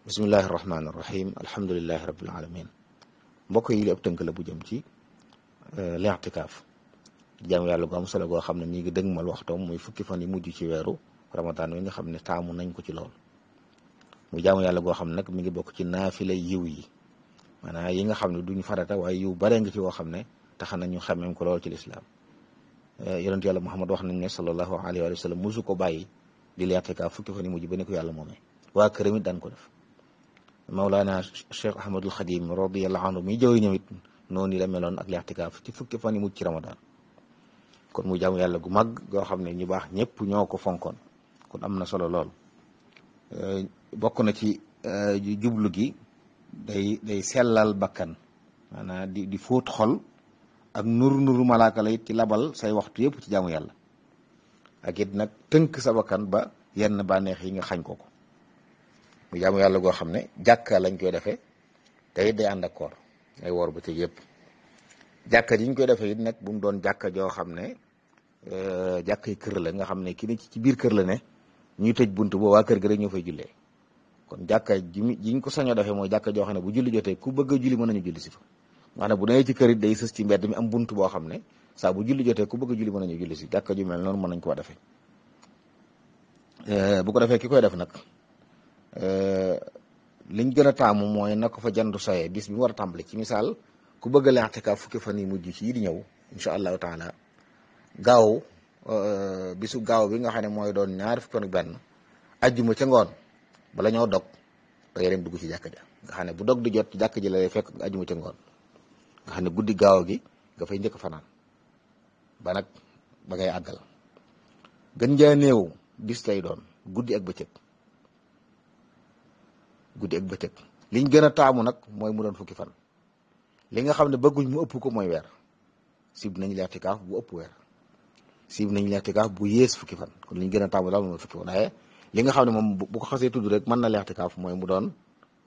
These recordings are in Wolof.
bismillahi rahmaani rahim alhamdulilahi rabil alamin mbokk yi li tënk la bu jëm ci euh, li'tikaaf jaamu yàlla gu am solo goo xam ne ni mi ngi dëgmal waxtoom muy fukki fan yi mujj ci weeru ramadan wi nga xam ne taamu nañ ko ci lool mu jaamu yàlla goo xam ne nag mi ngi bokk ci naafila yiw yi maanaam yi nga xam ne duñu farata waaye yiw bare nga ci woo xam ne tax nañu xamem ko lool ci li lislaam euh, yonent yàlla Muhammad wax nañ ne sallallahu alayhi wa sallam musu ko bàyyi di li'tikaaf fukki fan yi mujj ba ne ko yàlla moomee waa këram it daan ko def Mawlana Cheikh Ahmadul Xadim radiyallahu anhu mi jëw ñëwit noonu la meloon ak lixtikaaf ci fukki fan yi mucc ci Ramadan kon mu jaamu yàlla gu mag goo xam ne ñu baax ñëpp ñoo ko fonkoon kon am na solo lool eh, bokk na ci eh, jublu gi day day sellal bakkan maanaam di di fóot xol ak nur nuru malaaka lay ci labal say waxtu yëpp ci jaamu yàlla ak it tënk sa bakkan ba yenn bànneex yi nga xañ ko ko mu jaamu yàlla goo xam ne jàkka lañ koy defee te it ànd ak koor day woor yëpp jàkka ji koy defee nag bu mu doon jàkka joo xam ne euh, jàkka yi kër la nga xam ne ki ne ci biir kër la ne ñu tëj bunt boo waa kër gi rek ñoo fay jullee kon jàkka ji jiñ ko sañoo defee mooy jàkka joo xam ne bu julli jotee ku bëgg a julli mën nañu julli si fa maanaam bu nee kër it day sës ci mbedd mi am bunt boo xam ne saa bu julli ku bëgg a julli mën julli si jàkka ju mel noonu mën nañ koo defee euh, bu ko defee ki koy def nag Euh, liñ gën a taamu mooy na fa jandu soyee bis bi mu war a tàmbali ci misaal ku bëgg a lextikaaf fukki fan yi mujj ci yi di ñëw incha allahu taala gaaw euh, bisu gaaw bi nga xam ne mooy doon ñaar fukki fan ak benn ajjuma ca ngoon bala dog da dugg ci jàkk ja nga xam ne bu dog di jot jàkk ji lay fekk ajjuma ca ngoon nga ne guddi gaaw gi nga fay njëkk fanaan ba nag ba ngay àggal gën jaa néew bis lay doon guddi ak bëccëg guddi ak bëccëg liñ gën a taamu nag mooy mu doon fukki fan li nga xam ne bëgguñ mu ëpp ko mooy weer sib nañ leextikaaf bu ëpp weer sib nañ leextikaaf bu yées fukki fan kon liñ gën a taamu daal mooy fukki fan nga xam ne moom xasee tudd rek mën na leextikaaf mooy mu doon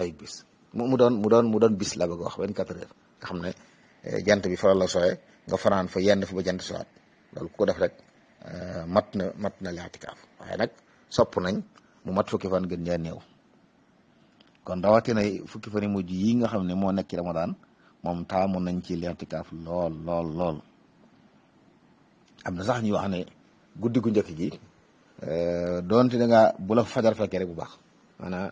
ay bis mu doon mu doon mu doon bis la bëgg wax vingt quatre heures nga xam ne eh, jant bi faral la sooyee nga fanaan fa yenn fa ba jant sowaat loolu ku ko def rek eh, mat na mat na leextikaaf waaye nag sopp nañ mu mat fukki fan gën ñaa néew kon rawatina fukki fan yi mujj yi nga xam ne moo nekk ci Ramadan moom taamu nañ ci lintikaaf lool lool lool am na sax ñuy wax ne guddi gu njëkk gi euh, doonte da nga bu la fajar fekkee rek bu baax maanaam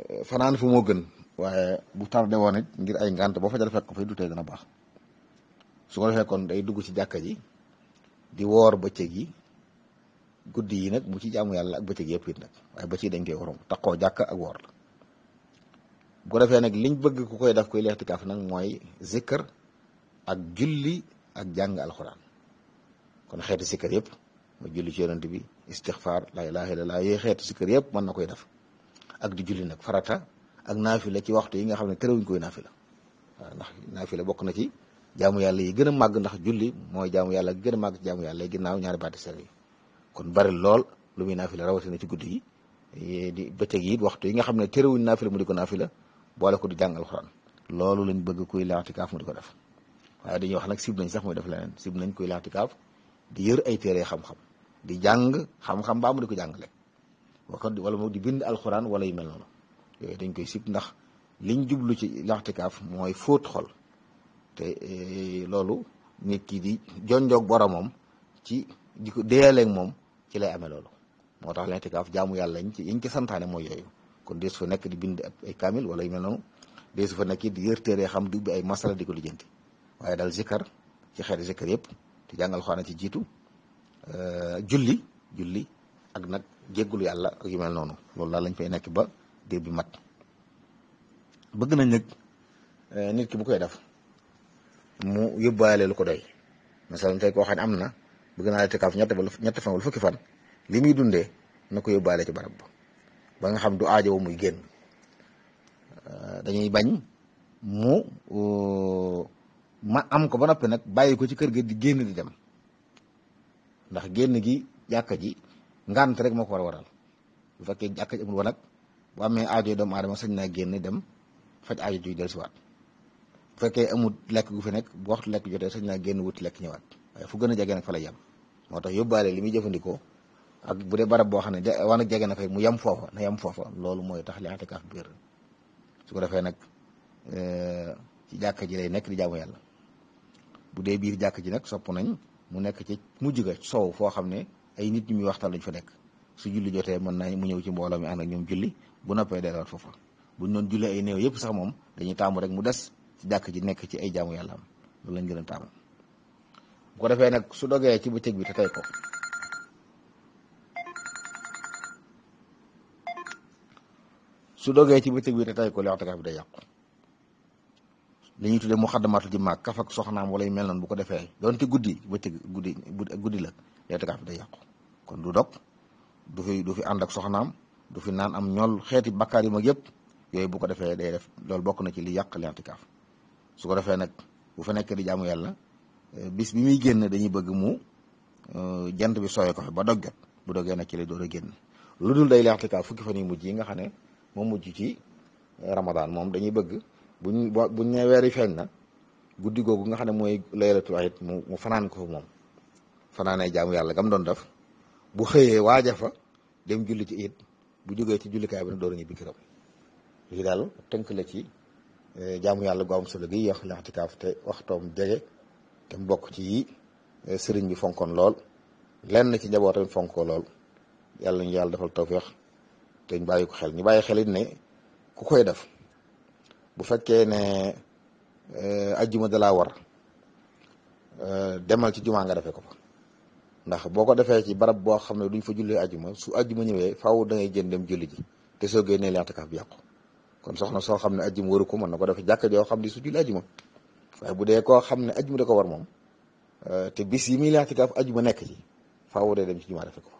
euh, fanaan fu moo gën waaye bu tardé woon it ngir ay ngant boo fajar fekk ko fay dutee dana baax su ko defee kon day dugg ci jàkka ji di woor bëccëg yi guddi yi nag mu ci jaamu yàlla ak bëccëg yëpp it nag waaye bëccëg dañ koy worom taxoo jàkk ak woor la bu ko defee nag liñ bëgg ku koy def kuy leextikaaf nag mooy zikkër ak julli ak jàng alxuraan kon xeetu sikkër yëpp mu julli ci yonent bi istixfaar laa ilaaha illallaah yooyu xeetu sikkër yëpp mën na koy def ak di julli nag farata ak naafila ci waxtu yi nga xam ne terewuñ koy naafila waaw ndax naafila bokk na ci jaamu yàlla yi gën a màgg ndax julli mooy jaamu yàlla gën a màgg jaamu yàlla yi ginnaaw ñaari baati sere yi kon bari lool lu muy naafila rawatina ci guddi yi di bëccëg yi waxtu yi nga xam ne terewuñ naafila mu di ko naafila boole ko di jàng alxuraan loolu lañ bëgg kuy laatikaaf mu di ko def waaye dañuy wax nag sib nañ sax muy def leneen sib nañ kuy laatikaaf di yër ay téere xam-xam di jàng xam-xam baa mu di ko jàngale wala moom di bind alxuraan wala yu mel noonu yooyu dañ koy sib ndax liñ jublu ci laatikaaf mooy fóot xol te eh, loolu nit ki di jonjoog moom ci di ko deeleeg moom ci lay amee loolu moo tax laatikaaf jaamu yàlla yiñ ci yiñ ci santaane mooy yooyu kon des fa nekk di bind ay kaamil wala yu mel noonu deesu fa nekk di yër téere xam di ubbi ay masala di ko lijjanti waaye daal zikkar ci xeeti zikkar yëpp te jàngal xaana ci jiitu euh, julli julli ak nag jéggulu yàlla ak yu noonu loolu la lañ fay nekk ba diir bi mat bëgg nañ nag euh, nit ki bu koy def mu yóbbaale lu ko doy masalan tey koo xam ne am na bëgg naa la tikaaf ñett ba ñett fan wala fukki fan li muy dundee na ko yóbbaale ci barab ba nga xam du wo muy génn euh, dañuy bañ mu euh, ma am ko ba noppi nag bàyyi ko ci kër gi di génn di dem ndax génn gi jàkka ji ngant rek moo ko war a waral bu fekkee jàkka ji amul wanag bu amee aajo doomu aadama sañ naa génn dem faj aajo juy dellusiwaat bu fekkee amul lekk gu nekk bu waxtu lekk jotee sañ naa génn wuti lekk ñëwaat waaye fu gën a jege nag fa la yem moo tax yóbbaale li muy jëfandikoo ak bu dee barab boo xam ne wan ak jege na koy mu yem foofa na yem foofa loolu mooy tax li atikaaf biir su ko defee nag eh, ci jàkka ji nekk di jaamu yàlla bu dee biir jàkka ji nag sopp nañ mu nekk ci mujj ga soow foo xam ne ay nit ñu muy waxtaan lañ fa nekk su julli jotee mën naa mu ñëw ci mbooloo mi ànd ak ñoom julli bu noppee delluwaat foofa buñ doon julli ay néew yëpp sax moom dañuy taamu rek mu des ci ji nekk ci ay jaamu yàlla am lañ gën a bi te tey ko su dogee ci bëccëg bi te tay ko li i'tikaaf bi day yàqu li ñuy tuddee mu xaddamaatul jimmaa kaf ak soxnaam wala mel noon bu ko defee donte guddi bëccëg guddi guddi la i'tikaaf bi day yàqu kon du dog du fi du fi ànd ak soxnaam du fi naan am ñool xeeti bakkaar yu mag yëpp yooyu bu ko defee day def loolu bokk na ci li yàq i'tikaaf su ko defee nag bu fa nekk di jaamu yàlla eh, bis bi muy génn dañuy bëgg mu eh, jant bi sooyee ko fa ba dog jot bu dogee na ci lay door a génn lu dul day i'tikaaf fukki fan yu yi nga xam ne mu mujj ci eh, ramadan moom dañuy bëgg buñ buñ ne weer na guddi googu nga xam ne mooy laylatul ahit mu mu fanaan ko moom fanaanee jaamu yàlla gam doon def bu xëyee waaja fa dem julli ci it bu jógee ci jullikaay bi na door a ñibbi këram daal tënk la ci eh, jaamu yàlla gu am solo gi yox lextikaaf te waxtoom jege te mu bokk ci yi eh, sëriñ bi fonkoon lool lenn ci njabootam fonk lool yàlla ñu yàlla defal tawféex te ñu bàyyi ko xel ñu bàyyi xel it ne ku koy def bu fekkee ne euh, ajjuma dalaa war euh, demal ci jumaa nga defee ko fa ndax boo ko defee ci barab boo xam ne duñ fa jullee ajjuma su ajjuma ñëwee faaw da ngay jën dem julli ji te soo génnee i'tikaaf bi yàqu kon soxna soo xam ne ajjuma waru ko mën na ko def jàkka joo xam ne su julli ajjuma waaye bu dee koo xam ne ajjuma da ko war moom euh, te bis yi muy i'tikaaf ajjuma nekk ci faaw dee dem ci jumaa defee ko fa